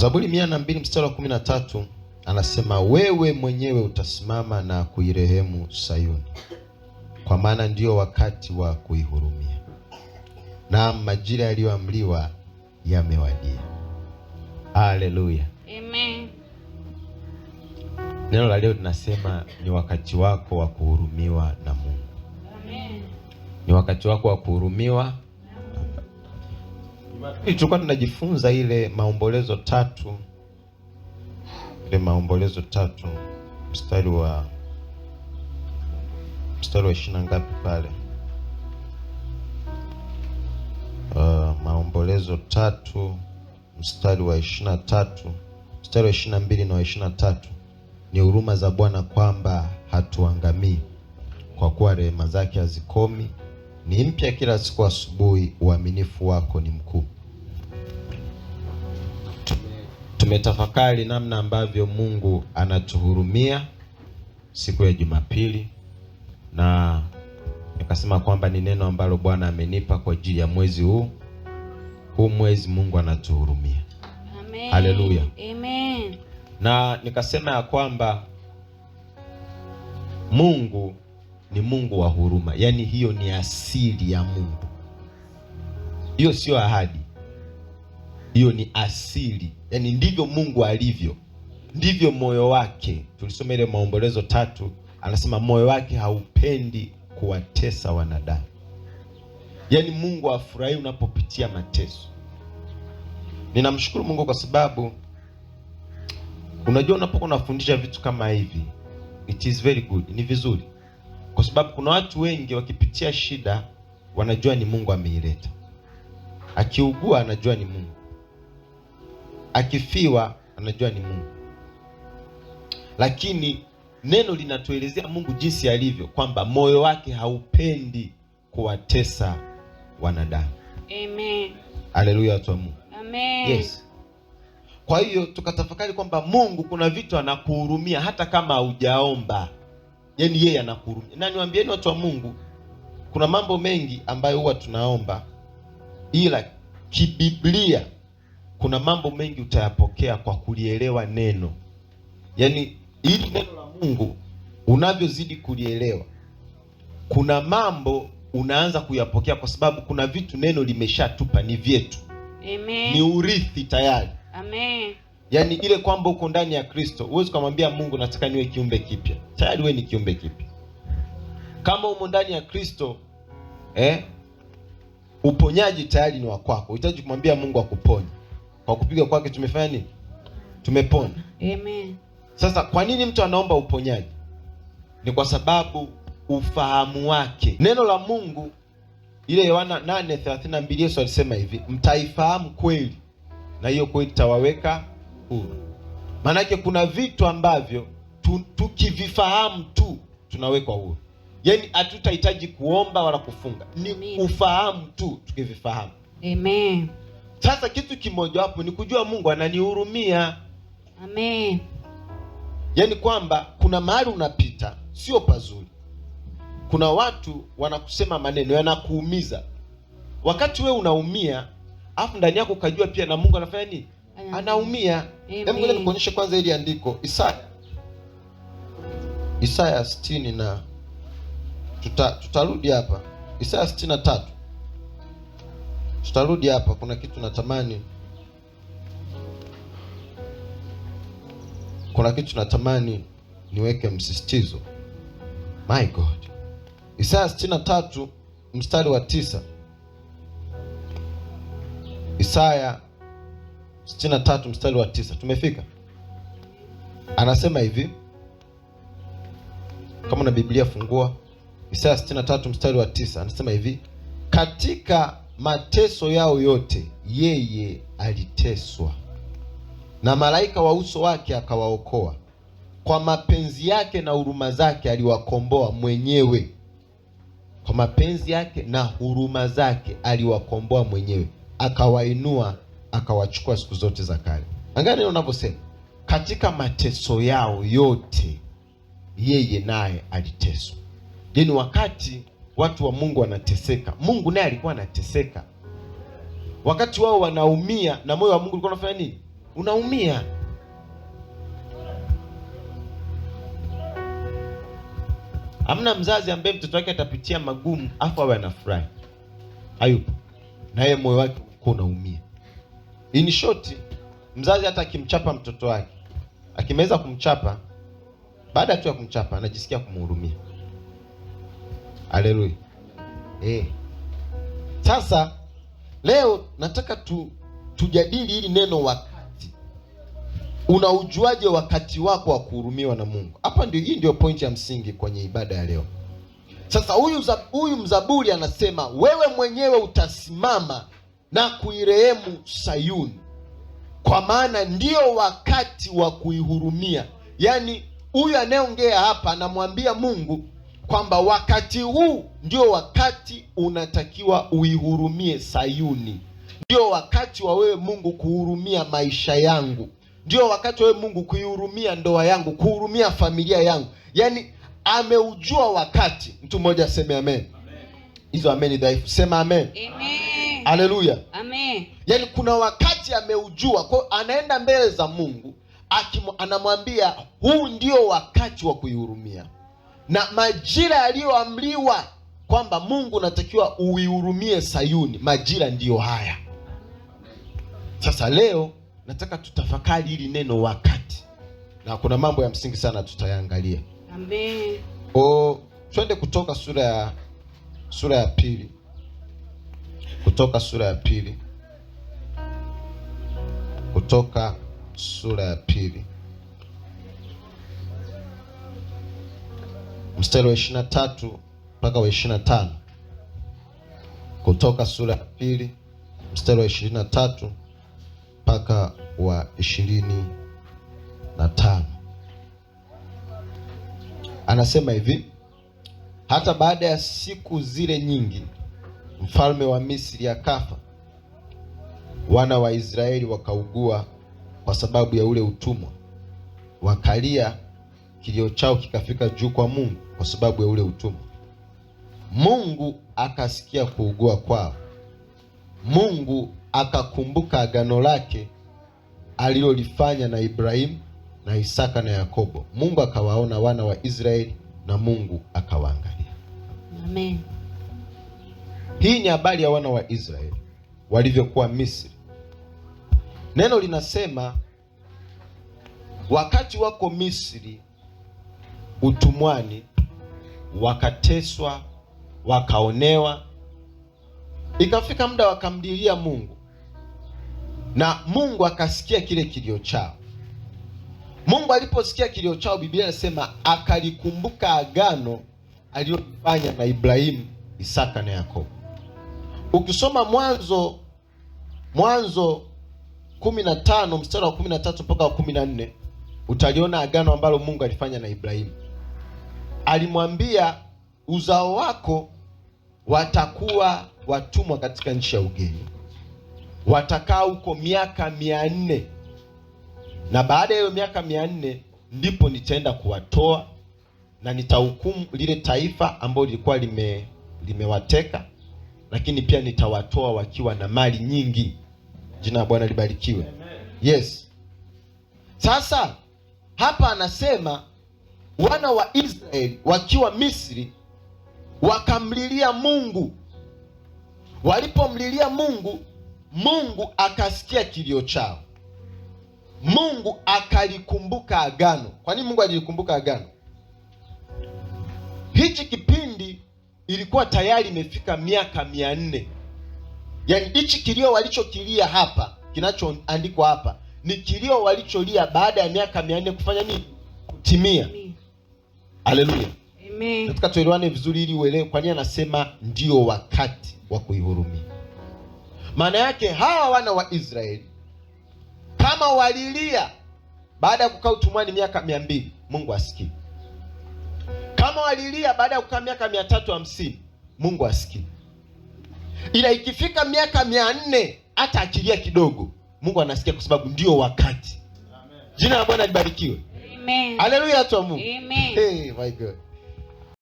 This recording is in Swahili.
Zaburi mia na mbili mstari wa kumi na tatu anasema wewe mwenyewe utasimama na kuirehemu Sayuni, kwa maana ndiyo wakati wa kuihurumia, na majira yaliyoamriwa yamewadia. aleluya amen. Neno la leo linasema ni wakati wako wa kuhurumiwa na Mungu. Amen. Ni wakati wako wa kuhurumiwa Tulikuwa tunajifunza ile maombolezo tatu, ile maombolezo tatu, mstari wa mstari wa ishirini na ngapi pale? Uh, maombolezo tatu mstari wa ishirini na tatu mstari wa ishirini na mbili na wa ishirini na tatu ni huruma za Bwana kwamba hatuangamii, kwa kuwa rehema zake hazikomi ni mpya kila siku asubuhi, uaminifu wako ni mkuu. Tumetafakari namna ambavyo Mungu anatuhurumia siku ya Jumapili, na nikasema kwamba ni neno ambalo Bwana amenipa kwa ajili ya mwezi huu. Huu mwezi Mungu anatuhurumia. Amen. Haleluya. Amen. Na nikasema ya kwamba Mungu ni Mungu wa huruma, yaani hiyo ni asili ya Mungu. Hiyo sio ahadi, hiyo ni asili, yaani ndivyo Mungu alivyo, ndivyo moyo wake. Tulisoma ile Maombolezo tatu, anasema moyo wake haupendi kuwatesa wanadamu. Yaani Mungu afurahi unapopitia mateso. Ninamshukuru Mungu kwa sababu unajua, unapokuwa unafundisha vitu kama hivi, it is very good, ni vizuri kwa sababu kuna watu wengi wakipitia shida wanajua ni Mungu ameileta, akiugua anajua ni Mungu, akifiwa anajua ni Mungu, lakini neno linatuelezea Mungu jinsi alivyo, kwamba moyo wake haupendi kuwatesa wanadamu. Amen. Haleluya, watu wa Mungu. Amen. Yes. Kwa hiyo tukatafakari kwamba Mungu kuna vitu anakuhurumia hata kama haujaomba yani yeye anakuhurumia. Na niwaambieni watu wa Mungu, kuna mambo mengi ambayo huwa tunaomba, ila kibiblia kuna mambo mengi utayapokea kwa kulielewa neno. Yani hili neno la Mungu unavyozidi kulielewa, kuna mambo unaanza kuyapokea, kwa sababu kuna vitu neno limeshatupa, ni vyetu, Amen. Ni urithi tayari, Amen yaani ile kwamba uko ndani ya Kristo, huwezi kumwambia Mungu nataka niwe kiumbe kipya. Tayari wewe ni kiumbe kipya kama umo ndani ya Kristo eh, uponyaji tayari ni wa kwako. Unahitaji kumwambia Mungu akuponye kwa kupiga kwake. Tumefanya nini? Tumepona. Amen. Sasa kwa nini mtu anaomba uponyaji? Ni kwa sababu ufahamu wake neno la Mungu. Ile Yohana 8:32 Yesu alisema hivi, mtaifahamu kweli na hiyo kweli tawaweka huru. Maanake kuna vitu ambavyo tukivifahamu tu tunawekwa huru, yaani hatutahitaji kuomba wala kufunga, ni kufahamu tu tukivifahamu. Amen. Sasa kitu kimojawapo ni kujua Mungu ananihurumia. Amen. Yaani kwamba kuna mahali unapita sio pazuri, kuna watu wanakusema maneno yanakuumiza, wakati we unaumia, afu ndani yako ukajua pia na Mungu anafanya nini anaumia. Hebu ngoja nikuonyeshe kwanza ili andiko Isaya, Isaya sitini na tuta, tutarudi hapa Isaya 63 na tatu tutarudi hapa, kuna kitu natamani kuna kitu natamani niweke msisitizo. My God, Isaya 63 mstari wa tisa Isaya sitini na tatu mstari wa tisa tumefika. Anasema hivi, kama na Biblia fungua Isaya sitini na tatu mstari wa tisa anasema hivi, katika mateso yao yote yeye aliteswa, na malaika wa uso wake akawaokoa. Kwa mapenzi yake na huruma zake aliwakomboa mwenyewe. Kwa mapenzi yake na huruma zake aliwakomboa mwenyewe, akawainua akawachukua siku zote za kale. Angalia neno unavyosema, katika mateso yao yote yeye naye aliteswa. Yaani wakati watu wa Mungu wanateseka, Mungu naye alikuwa anateseka. Wakati wao wanaumia na moyo wa Mungu ulikuwa unafanya nini? Unaumia. Hamna mzazi ambaye mtoto wake atapitia magumu afu awe anafurahi, hayupo. Na yeye moyo wake uko unaumia. In short, mzazi hata akimchapa mtoto wake, akimeweza kumchapa, baada tu ya kumchapa anajisikia kumhurumia. Haleluya. Eh. Sasa leo nataka tu tujadili hili neno wakati. Unaujuaje wakati wako wa kuhurumiwa na Mungu? Hapa ndio, hii ndio pointi ya msingi kwenye ibada ya leo. Sasa huyu huyu mzaburi anasema wewe mwenyewe utasimama na kuirehemu Sayuni, kwa maana ndio wakati wa kuihurumia. Yaani huyu anayeongea hapa anamwambia Mungu kwamba wakati huu ndio wakati unatakiwa uihurumie Sayuni, ndio wakati wa wewe Mungu kuhurumia maisha yangu, ndio wakati wa wewe Mungu kuihurumia ndoa yangu, kuhurumia familia yangu. Yaani ameujua wakati. Mtu mmoja aseme amen. Hizo amen dhaifu, sema amen, amen. Haleluya, amen. Yaani kuna wakati ameujua, kwa anaenda mbele za Mungu anamwambia huu ndio wakati wa kuihurumia na majira yaliyoamliwa kwamba Mungu unatakiwa uihurumie Sayuni, majira ndiyo haya. Sasa leo nataka tutafakari hili neno wakati, na kuna mambo ya msingi sana tutayaangalia. Amen. O, oh, twende Kutoka sura ya sura ya pili kutoka sura ya pili. Kutoka sura ya pili mstari wa ishirini na tatu mpaka wa ishirini na tano. Kutoka sura ya pili mstari wa ishirini na tatu mpaka wa ishirini na tano anasema hivi: hata baada ya siku zile nyingi mfalme wa Misri akafa, wana wa Israeli wakaugua kwa sababu ya ule utumwa, wakalia, kilio chao kikafika juu kwa Mungu kwa sababu ya ule utumwa. Mungu akasikia kuugua kwao. Mungu akakumbuka agano lake alilolifanya na Ibrahimu na Isaka na Yakobo. Mungu akawaona wana wa Israeli na Mungu akawaangalia. Amen. Hii ni habari ya wana wa Israeli walivyokuwa Misri. Neno linasema wakati wako Misri utumwani, wakateswa, wakaonewa, ikafika muda wakamdilia Mungu na Mungu akasikia kile kilio chao. Mungu aliposikia kilio chao, Biblia inasema akalikumbuka agano aliyofanya na Ibrahimu, Isaka na Yakobo. Ukisoma Mwanzo Mwanzo kumi na tano mstari wa kumi na tatu mpaka wa kumi na nne utaliona agano ambalo Mungu alifanya na Ibrahimu. Alimwambia, uzao wako watakuwa watumwa katika nchi ya ugeni, watakaa huko miaka mia nne na baada ya hiyo miaka mia nne ndipo nitaenda kuwatoa na nitahukumu lile taifa ambalo lilikuwa lime- limewateka lakini pia nitawatoa wakiwa na mali nyingi. Jina la Bwana libarikiwe. Yes. Sasa hapa anasema wana wa Israeli wakiwa Misri wakamlilia Mungu. Walipomlilia Mungu, Mungu akasikia kilio chao. Mungu akalikumbuka agano. Kwa nini Mungu alilikumbuka agano? Hichi kipindi ilikuwa tayari imefika miaka mia nne. Yaani hichi kilio walichokilia hapa kinachoandikwa hapa ni kilio walicholia baada ya miaka mia nne kufanya nini? Kutimia. Haleluya, amen. Nataka tuelewane vizuri, ili uelewe kwa nini anasema ndio wakati wa kuihurumia. Maana yake hawa wana wa Israeli kama walilia baada ya kukaa utumwani miaka mia mbili, Mungu asikie kama walilia baada ya kukaa miaka mia tatu hamsini Mungu asikii, ila ikifika miaka mia nne hata akilia kidogo Mungu anasikia, kwa sababu ndio wakati. Amen. Jina la Bwana libarikiwe. Amen. Haleluya, watu wa Mungu. Amen. Hey, my God.